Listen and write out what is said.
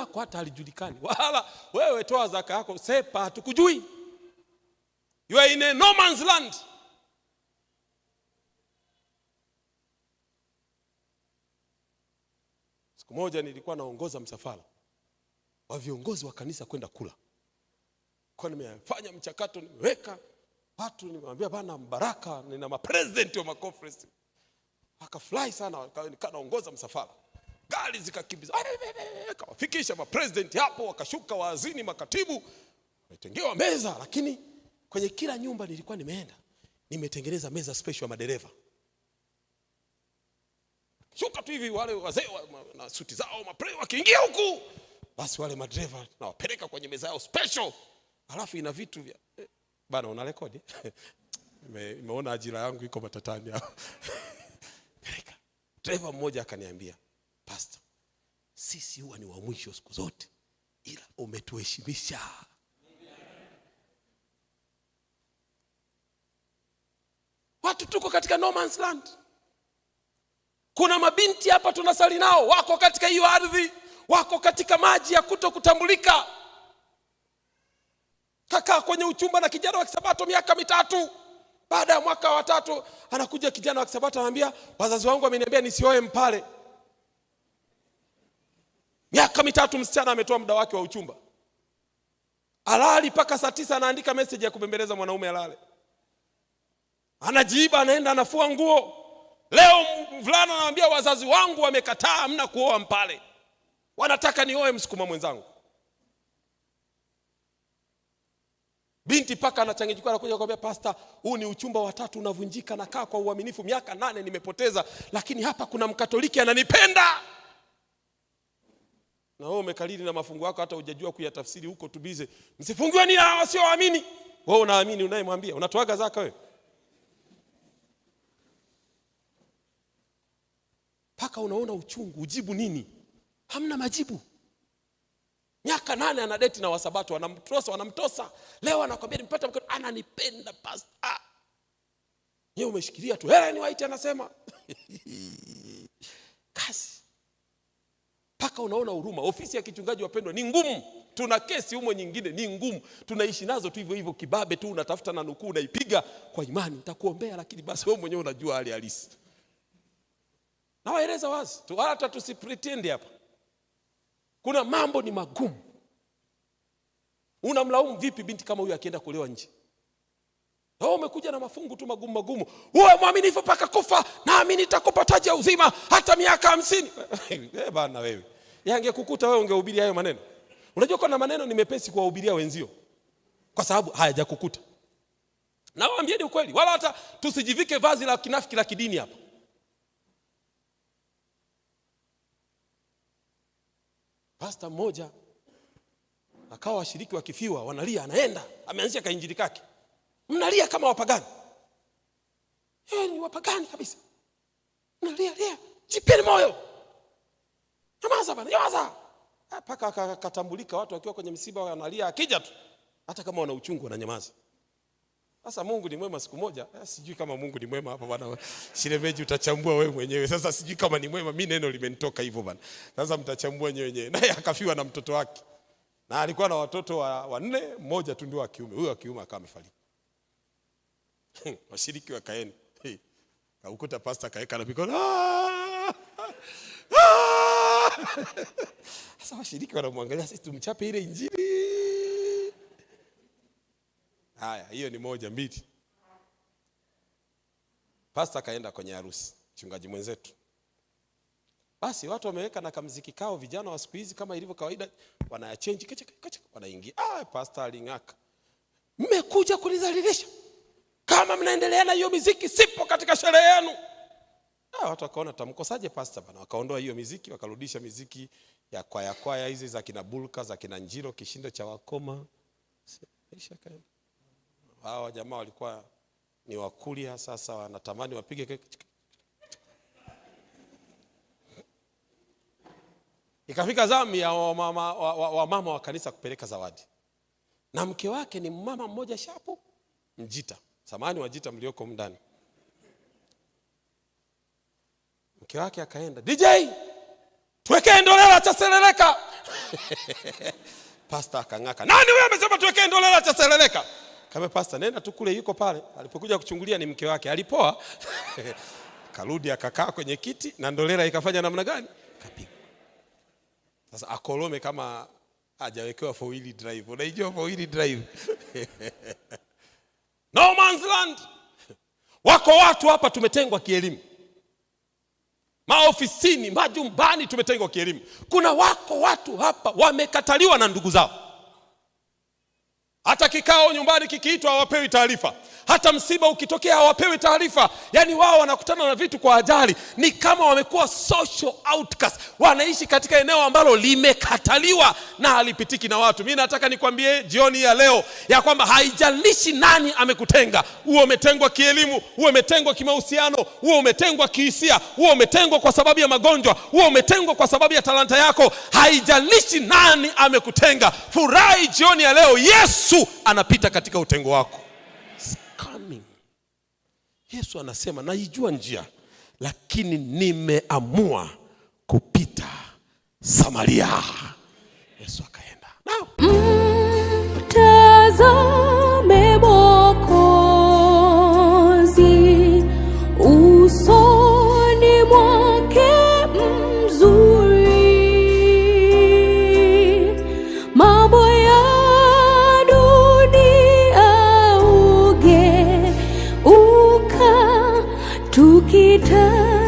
lako hata halijulikani, wala wewe toa zaka yako sepa, hatukujui. You are in a no man's land. Siku moja nilikuwa naongoza msafara wa viongozi wa kanisa kwenda kula, kwa nimefanya mchakato, nimeweka watu, nimewambia bana, Mbaraka, nina mapresidenti wa makonferensi, akafurahi sana, nikanaongoza msafara gari zikakimbiza, akawafikisha mapresidenti hapo, wakashuka waazini, makatibu, wametengewa meza. Lakini kwenye kila nyumba nilikuwa nimeenda nimetengeneza meza special ya madereva shuka tu hivi, wale wazee na suti zao mapre wakiingia huku, basi wale madereva nawapeleka kwenye meza yao special, alafu ina vitu vya eh, bana, una rekodi eh? imeona ajira yangu iko matatani. Dereva mmoja akaniambia pastor sisi huwa ni wa mwisho siku zote, ila umetuheshimisha. Watu tuko katika no man's land. Kuna mabinti hapa tunasali nao, wako katika hiyo ardhi, wako katika maji ya kuto kutambulika, kakaa kwenye uchumba na kijana wa Kisabato miaka mitatu. Baada ya mwaka wa tatu anakuja kijana wa Kisabato, anaambia wazazi wangu wameniambia nisioe Mpale. Miaka mitatu msichana ametoa muda wake wa uchumba, alali mpaka saa tisa, anaandika meseji ya kupembeleza mwanaume alale, anajiiba, anaenda anafua nguo. Leo mvulana anamwambia wazazi wangu wamekataa, mna kuoa Mpale, wanataka nioe msukuma mwenzangu. Binti paka anachangijikwa anakuja kwambia pasta, huu ni uchumba wa tatu unavunjika, nakaa kwa uaminifu miaka nane nimepoteza, lakini hapa kuna mkatoliki ananipenda na wewe umekalili na mafungu yako hata hujajua kuyatafsiri huko tubize, msifungiweni na wasioamini. Wewe unaamini unayemwambia, unatoaga zaka wewe? Mpaka unaona uchungu, ujibu nini? Hamna majibu. Miaka nane anadeti na Wasabato, wanamtosa wanamtosa, leo anakwambia nimepata mkono, ananipenda pasta Ah, yeye umeshikilia tu, hela ni waiti, anasema kasi mpaka unaona huruma. Ofisi ya kichungaji, wapendwa, ni ngumu. Tuna kesi humo, nyingine ni ngumu, tunaishi nazo tu hivyo hivyo, kibabe tu, unatafuta na nukuu unaipiga kwa imani, nitakuombea, lakini basi wewe mwenyewe unajua hali halisi. Nawaeleza wazi tu, hata tusipretend hapa. Kuna mambo ni magumu. Unamlaumu vipi binti kama huyu akienda kulewa nje? na wewe umekuja na mafungu tu magumu magumu, uwe mwaminifu mpaka kufa, nami nitakupa taji ya uzima hata miaka hamsini. Eh bana wewe, yangekukuta wewe ungehubiria hayo maneno. Unajua kuna maneno ni mepesi kuwahubiria wenzio, kwa sababu hayajakukuta. Na ni ukweli, wala hata tusijivike vazi la kinafiki la kidini hapa. Pasta mmoja akawa washiriki wakifiwa wanalia, anaenda ameanzisha kainjili kake mnalia kama wapagani e, ni wapagani kabisa, mnalia lia, jipeni moyo, nyamaza bana, nyamaza mpaka ah, akatambulika. Watu wakiwa kwenye msiba wanalia, akija tu hata kama wana uchungu wananyamaza. Sasa Mungu ni mwema. Siku moja eh, sijui kama Mungu ni mwema hapa bana Shiremeji, utachambua wewe mwenyewe. Sasa sijui kama ni mwema, mimi neno limenitoka hivyo bana sasa mtachambua wenyewe wenyewe. Naye akafiwa na mtoto wake, na alikuwa na watoto wanne wa, mmoja tu ndio wa kiume. Huyo wa kiume akawa amefariki. washiriki wakaenda, kaukuta pasta kaeka na mikono ah! Ah! sasa washiriki wanamwangalia, sisi tumchape ile injili. Haya, hiyo ni moja. Mbili, pasta kaenda kwenye harusi, mchungaji mwenzetu. Basi watu wameweka na kamziki kao, vijana wa siku hizi, kama ilivyo kawaida, wanayachenji, wanaingia. Ah, pasta aling'aka, mmekuja kunidhalilisha kama mnaendelea na hiyo miziki sipo katika sherehe yenu. Ah, watu wakaona tamkosaje pasta bana, wakaondoa hiyo miziki wakarudisha miziki ya kwaya kwaya hizi za kina Bulka za kina Njiro kishindo cha wakoma. Hawa jamaa walikuwa ni wakulia, sasa wanatamani wapige Ikafika zamu ya wamama wa, wa, wa, wa, wa kanisa kupeleka zawadi, na mke wake ni mama mmoja shapu Mjita samani wajita mlioko mndani. Mke wake akaenda, DJ tuwekee ndolela cha seleleka pasta akang'aka, nani huyo amesema tuwekee ndolela cha seleleka? Kama pasta, nenda tu kule, yuko pale. Alipokuja kuchungulia ni mke wake, alipoa karudi akakaa kwenye kiti na ndolela ikafanya namna gani? Kapigwa. Sasa akolome kama ajawekewa four wheel drive. Unaijua four wheel drive Scotland. Wako watu hapa tumetengwa kielimu, maofisini, majumbani tumetengwa kielimu. Kuna wako watu hapa wamekataliwa na ndugu zao hata kikao nyumbani kikiitwa hawapewi taarifa, hata msiba ukitokea hawapewi taarifa. Yaani wao wanakutana na vitu kwa ajali, ni kama wamekuwa social outcast, wanaishi katika eneo ambalo limekataliwa na halipitiki na watu. Mi nataka nikwambie jioni ya leo ya kwamba haijalishi nani amekutenga, huwe umetengwa kielimu, huwe umetengwa kimahusiano, huwe umetengwa kihisia, huwe umetengwa kwa sababu ya magonjwa, huwe umetengwa kwa sababu ya talanta yako, haijalishi nani amekutenga, furahi jioni ya leo, Yesu anapita katika utengo wako. coming. Yesu anasema naijua njia, lakini nimeamua kupita Samaria. Yesu akaenda Now. Mtazame Mwokozi uso เธอ